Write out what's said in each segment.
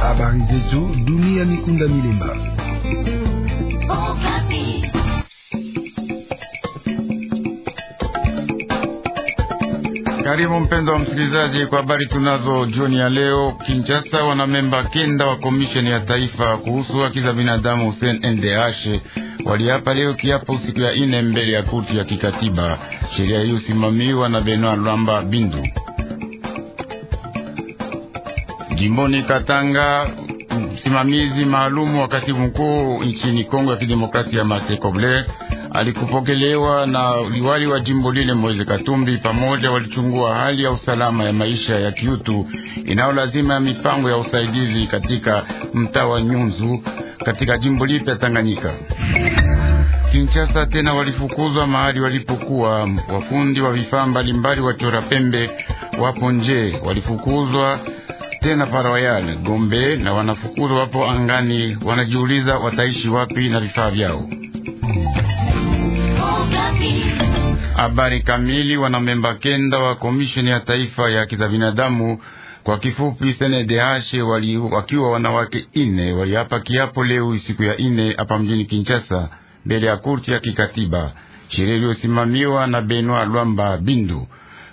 Habari zetu dunia, Mikunda Milemba. Karibu mpendo wa msikilizaji kwa habari tunazo jioni ya leo. Kinshasa, wanamemba kenda wa komisheni ya taifa kuhusu haki za binadamu CNDH waliapa leo kiapo siku ya ine mbele ya koti ya kikatiba. Sheria hiyo usimamiwa na Benoit Lwamba Bindu. Jimboni Katanga, msimamizi maalumu wa katibu mkuu nchini Kongo ya Kidemokrasia, Martin Koble alikupokelewa na liwali wa jimbo lile Moise Katumbi. Pamoja walichungua hali ya usalama ya maisha ya kiutu lazima ya mipango ya usaidizi katika mtaa wa Nyunzu katika jimbo lipya Tanganyika. Kinshasa tena walifukuzwa mahali walipokuwa wafundi wa vifaa mbalimbali wachora pembe wapo nje, walifukuzwa tena Paroyal Gombe na wanafukuzwa wapo angani, wanajiuliza wataishi wapi na vifaa vyao. Habari kamili. Wanamemba kenda wa komisheni ya taifa ya haki za binadamu kwa kifupi CNDH wali, wakiwa wanawake ine waliapa kiapo leo siku ya ine hapa mjini Kinshasa mbele ya kurti ya kikatiba sherehe iliyosimamiwa na Benoit Lwamba Bindu.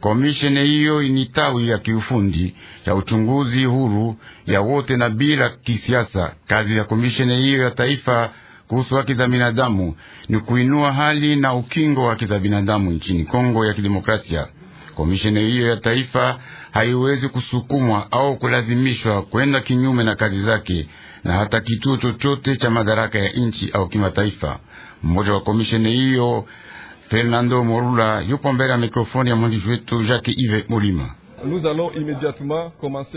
Komishene hiyo ni tawi ya kiufundi ya uchunguzi huru ya wote na bila kisiasa. Kazi ya komishene hiyo ya taifa kuhusu haki za binadamu ni kuinua hali na ukingo wa haki za binadamu nchini Kongo ya Kidemokrasia. Komishene hiyo ya taifa haiwezi kusukumwa au kulazimishwa kwenda kinyume na kazi zake na hata kituo chochote cha madaraka ya nchi au kimataifa. Mmoja wa komishene hiyo Fernando Morula yupo mbele ya mikrofoni ya mwandishi wetu Jacques Ive Molima.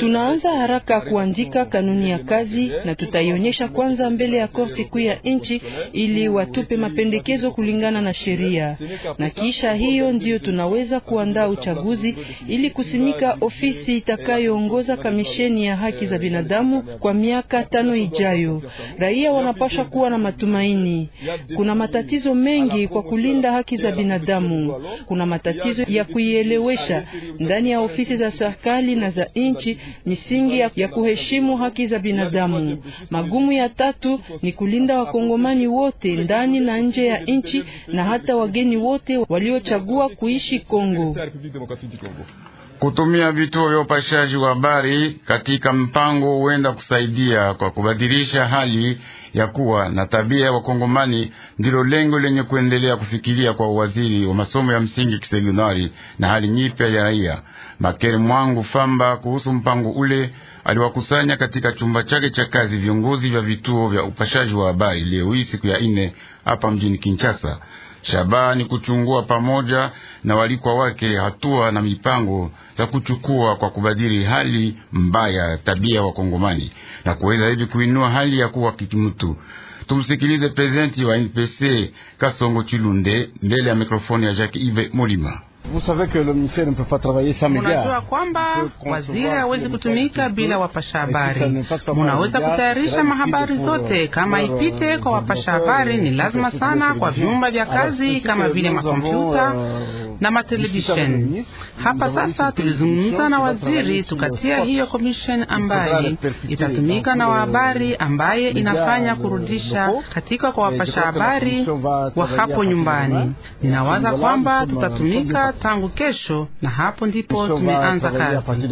Tunaanza haraka kuandika kanuni ya kazi na tutaionyesha kwanza mbele ya korti kuu ya nchi ili watupe mapendekezo kulingana na sheria, na kisha hiyo ndiyo tunaweza kuandaa uchaguzi ili kusimika ofisi itakayoongoza kamisheni ya haki za binadamu kwa miaka tano ijayo. Raia wanapasha kuwa na matumaini. Kuna matatizo mengi kwa kulinda haki za binadamu, kuna matatizo ya kuielewesha ndani ya ofisi taasisi za serikali na za nchi misingi ya kuheshimu haki za binadamu. Magumu ya tatu ni kulinda wakongomani wote ndani na nje ya nchi na hata wageni wote waliochagua kuishi Kongo. Kutumia vituo vya upashaji wa habari katika mpango huenda kusaidia kwa kubadilisha hali ya kuwa na tabia ya Wakongomani ndilo lengo lenye kuendelea kufikiria kwa uwaziri wa masomo ya msingi kisekondari na hali nyipya ya raia Makeri Mwangu Famba. Kuhusu mpango ule, aliwakusanya katika chumba chake cha kazi viongozi vya vituo vya upashaji wa habari leo hii siku ya ine hapa mjini Kinshasa. Shabaha ni kuchungua pamoja na walikwa wake hatua na mipango za kuchukua kwa kubadili hali mbaya tabia wa Kongomani na kuweza hivi kuinua hali ya kuwa kikimtu Tumsikilize prezidenti wa NPC Kasongo Chilunde mbele ya mikrofoni ya Jacques Ive Molima. Munajua kwamba waziri hawezi kutumika bila wapasha habari. Munaweza kutayarisha mahabari zote, euh, kama ipite euh, kwa wapasha habari ni lazima sana kwa vyumba vya kazi kama vile makompyuta euh, na matelevisheni. Hapa sasa tulizungumza na waziri, tukatia hiyo komisheni ambaye itatumika na wahabari, ambaye inafanya kurudisha katika kwa eh, wapasha habari wa hapo nyumbani. Ninawaza kwamba tutatumika tangu kesho, na hapo ndipo tumeanza kazi.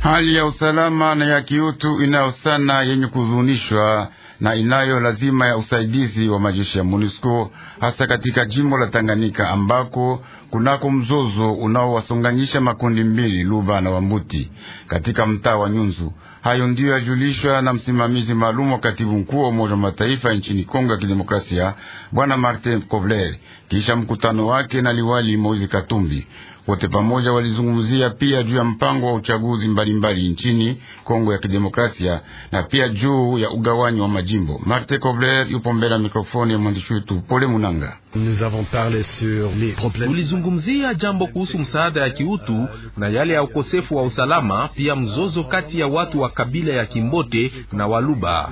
Hali ya usalama na ya kiutu inayosana yenye kuzunishwa na inayo lazima ya usaidizi wa majeshi ya MONUSCO hasa katika jimbo la Tanganyika ambako kunako mzozo unaowasonganisha makundi mbili Luba na Wambuti katika mtaa wa Nyunzu. Hayo ndiyo yajulishwa na msimamizi maalum wa katibu mkuu wa Umoja wa Mataifa nchini Kongo ya Kidemokrasia, Bwana Martin Kobler, kisha mkutano wake na liwali Moizi Katumbi. Wote pamoja walizungumzia pia juu ya mpango wa uchaguzi mbalimbali nchini Kongo ya Kidemokrasia na pia juu ya ugawanyi wa majimbo. Marte Kobler yupo mbele ya mikrofoni ya mwandishi wetu Pole Munanga. Tulizungumzia jambo kuhusu msaada ya kiutu na yale ya ukosefu wa usalama, pia mzozo kati ya watu wa kabila ya Kimbote na Waluba.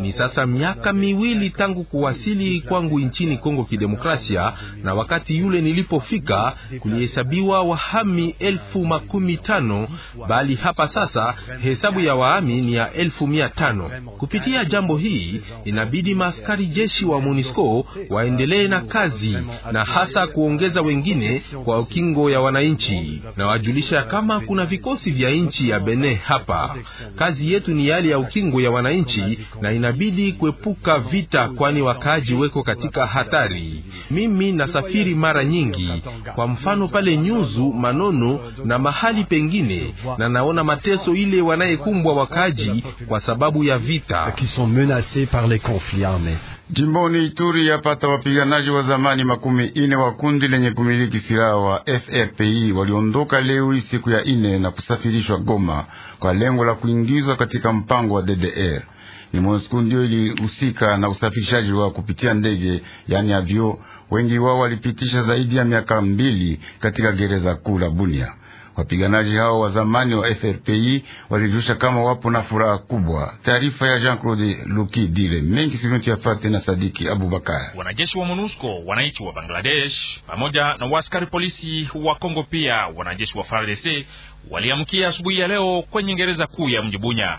Ni sasa miaka miwili tangu kuwasili kwangu nchini Kongo Kidemokrasia, na wakati yule nilipofika kulihesabiwa wahami elfu makumi tano bali hapa sasa hesabu ya wahami ni ya elfu mia tano. Kupitia jambo hii inabidi maaskari jeshi wa MONUSCO waendelee na kazi na hasa kuongeza wengine kwa ukingo ya wananchi. Nawajulisha kama kuna vikosi vya nchi ya Benin hapa. Kazi yetu ni yale ya ukingo ya wananchi na inabidi kuepuka vita, kwani wakaaji weko katika hatari. Mimi nasafiri mara nyingi, kwa mfano pale Nyuzu, Manono na mahali pengine, na naona mateso ile wanayekumbwa wakaaji kwa sababu ya vita. Jimboni Ituri yapata wapiganaji wa zamani makumi ine wa kundi lenye kumiliki silaha wa FRPI waliondoka leo hii siku ya ine na kusafirishwa Goma kwa lengo la kuingizwa katika mpango wa DDR. Ni MONUSCO ndio ilihusika na usafirishaji wa kupitia ndege, yani avyo. Wengi wao walipitisha zaidi ya miaka mbili katika gereza kuu la Bunia. Wapiganaji hao wa zamani wa FRPI walijusha kama wapo na furaha kubwa. Taarifa ya Jean-Claude Luki Dile mengi sinuti yafate na Sadiki Abubakar. Wanajeshi wa MONUSCO, wananchi wa Bangladesh pamoja na waskari polisi wa Kongo, pia wanajeshi wa FARDC waliamkia asubuhi ya leo kwenye gereza kuu ya mji Bunya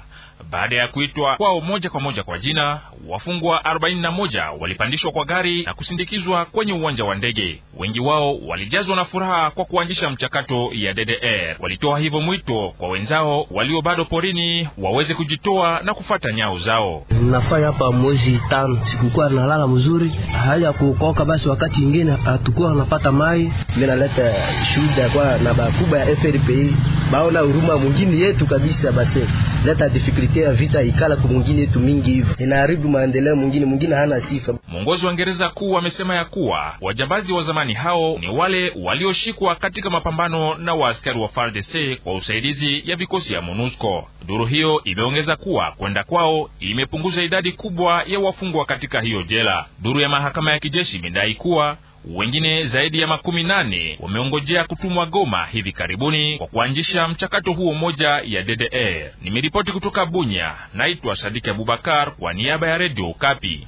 baada ya kuitwa kwao moja kwa moja kwa jina, wafungwa 41 walipandishwa kwa gari na kusindikizwa kwenye uwanja wa ndege. Wengi wao walijazwa na furaha kwa kuanzisha mchakato ya DDR. Walitoa hivyo mwito kwa wenzao walio bado porini waweze kujitoa na kufata nyao zao. Nafanya hapa mwezi tano, sikukuwa nalala mzuri, hali ya kuokoka. Basi wakati ingine hatukuwa napata mai, minaleta shuhuda kwa na bakubwa ya FRPI baona huruma mwingine yetu kabisa, basi leta difikulite ya vita ikala kwa mwingine yetu mingi, hivyo inaharibu maendeleo mwingine mwingine hana sifa. Mwongozi wa Ngereza kuu amesema ya kuwa wajambazi wa zamani hao ni wale walioshikwa katika mapambano na waaskari wa FARDC kwa usaidizi ya vikosi ya MONUSCO. Duru hiyo imeongeza kuwa kwenda kwao imepunguza idadi kubwa ya wafungwa katika hiyo jela. Duru ya mahakama ya kijeshi imedai kuwa wengine zaidi ya makumi nane wameongojea kutumwa Goma hivi karibuni kwa kuanzisha mchakato huo moja ya DDR. Nimeripoti kutoka Bunya, naitwa Sadiki Abubakar kwa niaba ya Redio ukapi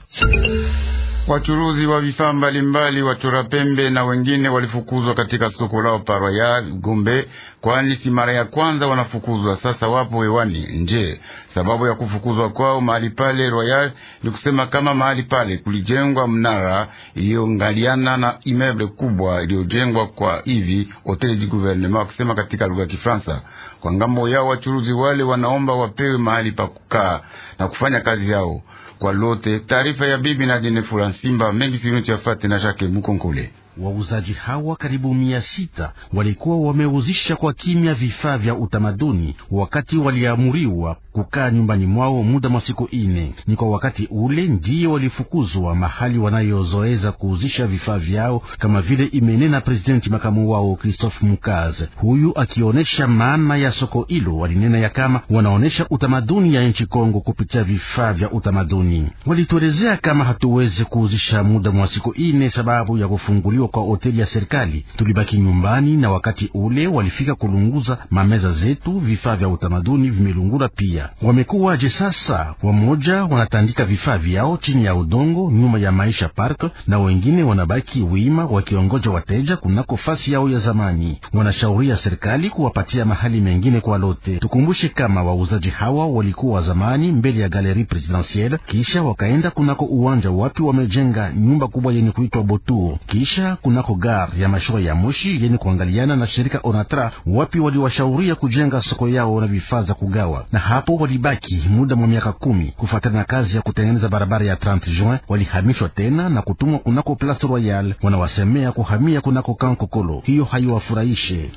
Wachuruzi wa vifaa mbalimbali, pembe na wengine walifukuzwa katika soko lao royal Gombe, kwani si mara ya kwanza wanafukuzwa. Sasa wapo hewani nje. Sababu ya kufukuzwa kwao mahali pale Royal ni kusema kama mahali pale kulijengwa mnara iliyongaliana na imeble kubwa iliyojengwa kwa hivi hoteli du gouvernement, kusema katika lugha ya Kifaransa. Kwa ngambo yao wachuruzi wale wanaomba wapewe mahali pa kukaa na kufanya kazi yao kwa lote. Taarifa ya bibi na Dine Fulansimba mengi sinuti afate na Jacques Mukonkole. Wauzaji hawa karibu mia sita walikuwa wameuzisha kwa kimya vifaa vya utamaduni wakati waliamuriwa kukaa nyumbani mwao muda mwa siku ine. Ni kwa wakati ule ndiyo walifukuzwa mahali wanayozoeza kuuzisha vifaa vyao, kama vile imenena presidenti makamu wao Christophe mukaz Huyu akionyesha maana ya soko hilo, walinena ya kama wanaonyesha utamaduni ya nchi Kongo kupitia vifaa vya utamaduni. Walituelezea kama hatuwezi kuuzisha muda mwa siku ine sababu ya kufunguliwa kwa hoteli ya serikali. Tulibaki nyumbani, na wakati ule walifika kulunguza mameza zetu, vifaa vya utamaduni vimelungula pia wamekuwa je sasa? Wamoja wanatandika vifaa vyao chini ya udongo nyuma ya maisha park, na wengine wanabaki wima wakiongoja wateja kunako fasi yao ya zamani. Wanashauria serikali kuwapatia mahali mengine kwa lote. Tukumbushe kama wauzaji hawa walikuwa wa zamani mbele ya Galerie Presidentielle, kisha wakaenda kunako uwanja wapi wamejenga nyumba kubwa yenye kuitwa Botuo, kisha kunako gar ya mashua ya moshi yenye kuangaliana na shirika Onatra wapi waliwashauria kujenga soko yao na vifaa za kugawa na hapo walibaki muda mwa miaka kumi kufuatana na kazi ya kutengeneza barabara ya 30 Juin. Walihamishwa tena na kutumwa kunako Place Royal, wanawasemea kuhamia kunako Kankokolo. Hiyo haiwafurahishe.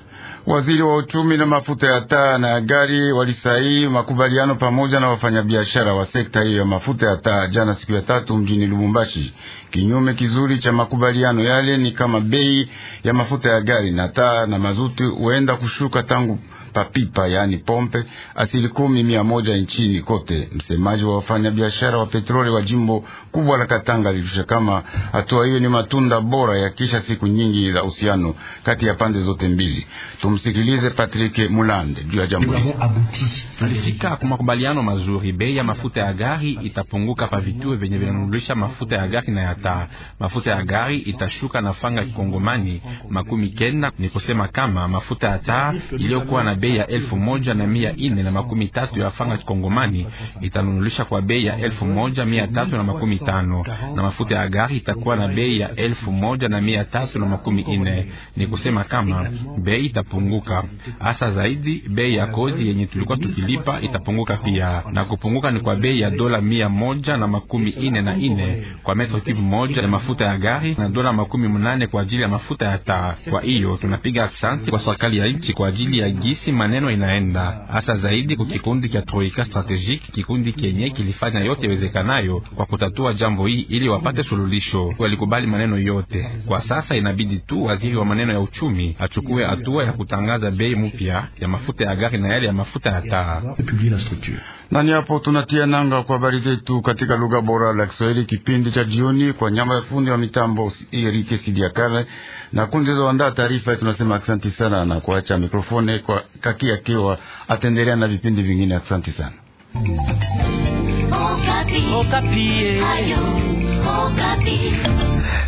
Waziri wa uchumi na mafuta ya taa na ya gari walisaini makubaliano pamoja na wafanyabiashara wa sekta hiyo ya mafuta ya taa jana siku ya tatu mjini Lubumbashi. Kinyume kizuri cha makubaliano yale ni kama bei ya mafuta ya gari na taa na mazuti huenda kushuka tangu papipa yaani pompe asili kumi mia moja nchini kote. Msemaji wa wafanyabiashara wa petroli wa jimbo kubwa la Katanga alijulisha kama hatua hiyo ni matunda bora ya kisha siku nyingi za uhusiano kati ya pande zote mbili. Tumsikilize Patrick Mulande juu ya jambo hilo. Tulifika kwa makubaliano mazuri, bei ya mafuta ya gari itapunguka pa vituo vyenye vinanunulisha mafuta ya gari na ya taa. Mafuta ya gari itashuka na fanga kikongomani makumi kenda, ni kusema kama mafuta ya taa iliyokuwa na bei ya elfu moja na mia ine na makumi tatu ya fanga kikongomani itanunulisha kwa bei ya elfu moja mia tatu na makumi tano na mafuta ya gari itakuwa na bei ya elfu moja na mia tatu na makumi ine. Ni kusema kama bei itapunguka hasa zaidi, bei ya kozi yenye tulikuwa tukilipa itapunguka pia, na kupunguka ni kwa bei ya dola mia moja na makumi ine na ine kwa metro cube moja ya mafuta ya gari na dola makumi mnane kwa ajili ya mafuta ya taa. Kwa hiyo tunapiga aksanti kwa serikali ya nchi kwa ajili ya gisi jinsi maneno inaenda, hasa zaidi kikundi kya Troika Strategique, kikundi kenye kilifanya yote iwezekanayo kwa kutatua jambo hii ili wapate suluhisho. Walikubali maneno yote. Kwa sasa inabidi tu waziri wa maneno ya uchumi achukue hatua ya kutangaza bei mpya ya mafuta ya gari na yale ya mafuta ya taa. Na ni hapo tunatia nanga kwa habari zetu katika lugha bora la Kiswahili, kipindi cha jioni kwa nyama ya fundi wa mitambo Erike Sidiakale na kundi zoandaa taarifa. Tunasema asante sana na kuacha mikrofone kwa kaki akiwa atendelea na vipindi vingine. Asante sana Okapi. Ayo, Okapi.